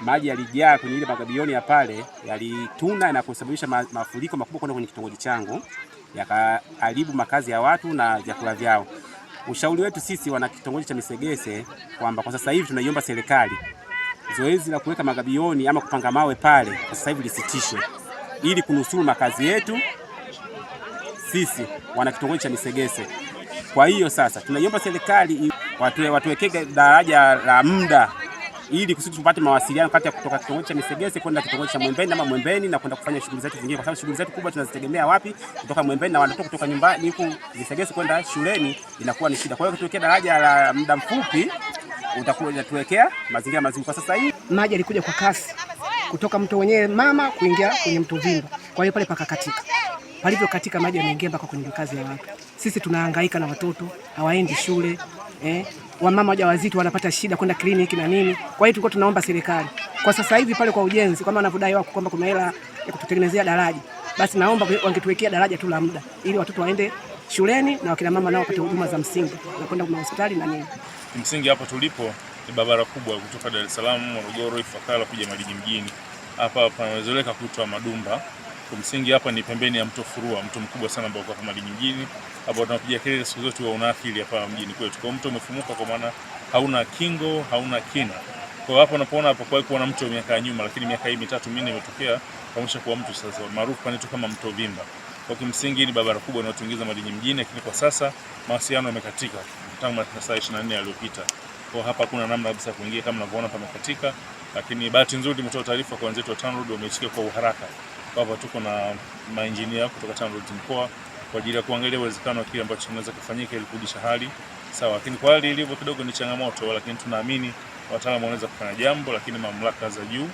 maji yalijaa kwenye ile magabioni ya pale, yalituna na kusababisha mafuriko makubwa kwenda kwenye kitongoji changu, yakaharibu makazi ya watu na vyakula vyao. Ushauri wetu sisi wana kitongoji cha Misegese kwamba kwa sasa hivi tunaiomba serikali zoezi la kuweka magabioni ama kupanga mawe pale kwa sasa hivi lisitishwe, ili kunusuru makazi yetu sisi wana kitongoji cha Misegese. Kwa hiyo sasa tunaiomba serikali watuwekee watu daraja la muda ili kusudi tupate mawasiliano kati ya kutoka kitongoji cha Misegese kwenda kitongoji cha Mwembeni ama Mwembeni na kwenda kufanya shughuli zetu zingine, kwa sababu shughuli zetu kubwa tunazitegemea wapi? Kutoka Mwembeni na watoto kutoka nyumbani huku Misegese kwenda shuleni inakuwa ni shida. Kwa hiyo tukiwekea daraja la muda mfupi utakuwa unatuwekea mazingira mazuri. Kwa sasa hii maji yalikuja kwa kasi kutoka mto wenyewe mama kuingia kwenye mto Vimba, kwa hiyo pale pakakatika palivyo katika maji yameingia mpaka kwenye makazi ya watu. Sisi tunahangaika na watoto hawaendi shule eh wamama wajawazito wanapata shida kwenda kliniki na nini. Kwa hiyo tulikuwa tunaomba serikali kwa sasa hivi pale kwa ujenzi, kama wanavyodai wako kwamba kuna hela ya kututengenezea daraja, basi naomba wangetuwekea daraja tu la muda, ili watoto waende shuleni na wakina mama nao wapate huduma za msingi na kwenda kwa hospitali na nini. Msingi hapa tulipo ni barabara kubwa kutoka Dar es Salaam, Morogoro, Ifakara kuja Madiji mjini. Hapa panawezoleka kutwa Madumba. Kimsingi hapa ni pembeni ya mto Furua, mto mkubwa sana ambao uko hapa Malinyingini, ambao tunapiga kelele siku zote wa unaathiri hapa mjini kwetu. Kwa mto umefumuka, kwa maana hauna kingo, hauna kina. Kwa hapo unapoona hapo kwa kuwa mto miaka ya nyuma, lakini miaka hii mitatu minne imetokea kuamsha kwa mto sasa maarufu kwa kama mto Vimba. Kwa kimsingi ni barabara kubwa inayotuingiza Madini mjini, lakini kwa sasa mawasiliano yamekatika tangu masaa 24 yaliyopita. Kwa hapa kuna namna kabisa kuingia, kama unavyoona pamekatika, lakini bahati nzuri tumetoa taarifa kwa wenzetu wa TANROADS wameitikia kwa uharaka. Hapa tuko na maengineer kutoka TANROADS mkoa kwa ajili ya kuangalia uwezekano wa kile ambacho kinaweza kufanyika ili kurudisha hali sawa, lakini kwa hali ilivyo kidogo ni changamoto, lakini tunaamini wataalamu wanaweza kufanya jambo, lakini mamlaka za juu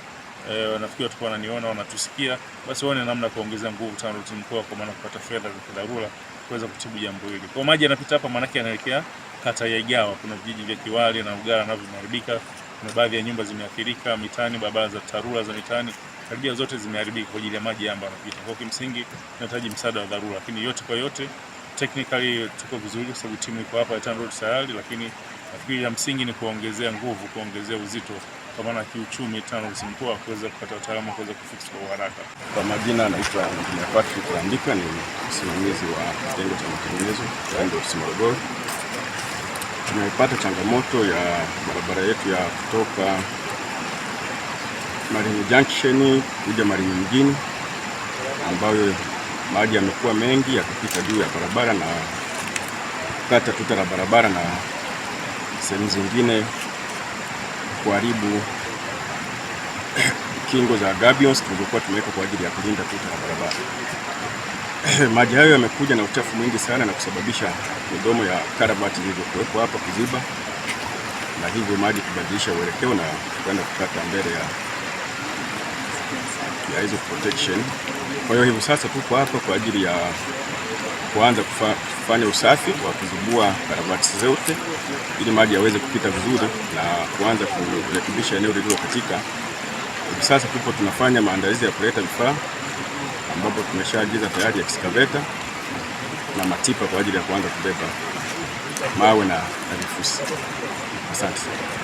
e, nafikiri watu wananiona wanatusikia, basi waone namna kuongeza nguvu TANROADS mkoa kwa maana kupata fedha za dharura kuweza kutibu jambo hili. Kwa maji yanapita hapa, maana yake yanaelekea kata ya Igawa, kuna vijiji vya Kiwali na Ugara navyo vimeharibika, kuna baadhi ya nyumba zimeathirika mitaani, barabara za TARURA za mitaani karibia zote zimeharibika kwa ajili ya maji ambayo yanapita. Kwa kimsingi tunahitaji msaada wa dharura, lakini yote kwa yote technically tuko vizuri kwa sababu timu iko hapa ya Road tayari, lakini nafikiri ya msingi ni kuongezea nguvu, kuongezea uzito kwa maana kiuchumi mkoa kuweza kupata wataalamu kuweza kufix kwa haraka. Kwa majina anaitwa Injinia Patrick Andika, ni msimamizi wa kitengo cha matengenezo TANROADS Morogoro. Tumepata changamoto ya barabara yetu ya kutoka Marine junction kuja Marine mjini, ambayo maji yamekuwa mengi yakipita juu ya barabara na kata tuta la barabara na sehemu zingine kuharibu kingo za gabions tulizokuwa tumeweka kwa ajili ya kulinda tuta la barabara. Maji hayo yamekuja na uchafu mwingi sana na kusababisha midomo ya karabati zilizokuwepo hapa kuziba na hivyo maji kubadilisha uelekeo na kwenda kukata mbele ya ya hizo protection. Kwa hiyo hivi sasa tuko hapa kwa ajili ya kuanza kufa, kufanya usafi wa kuzibua karabati zote ili maji yaweze kupita vizuri na kuanza kurekebisha eneo lililokatika. Hivi sasa tupo tunafanya maandalizi ya kuleta vifaa ambapo tumeshaagiza tayari excavator na matipa kwa ajili ya kuanza kubeba mawe na, na vifusi. Asante sana.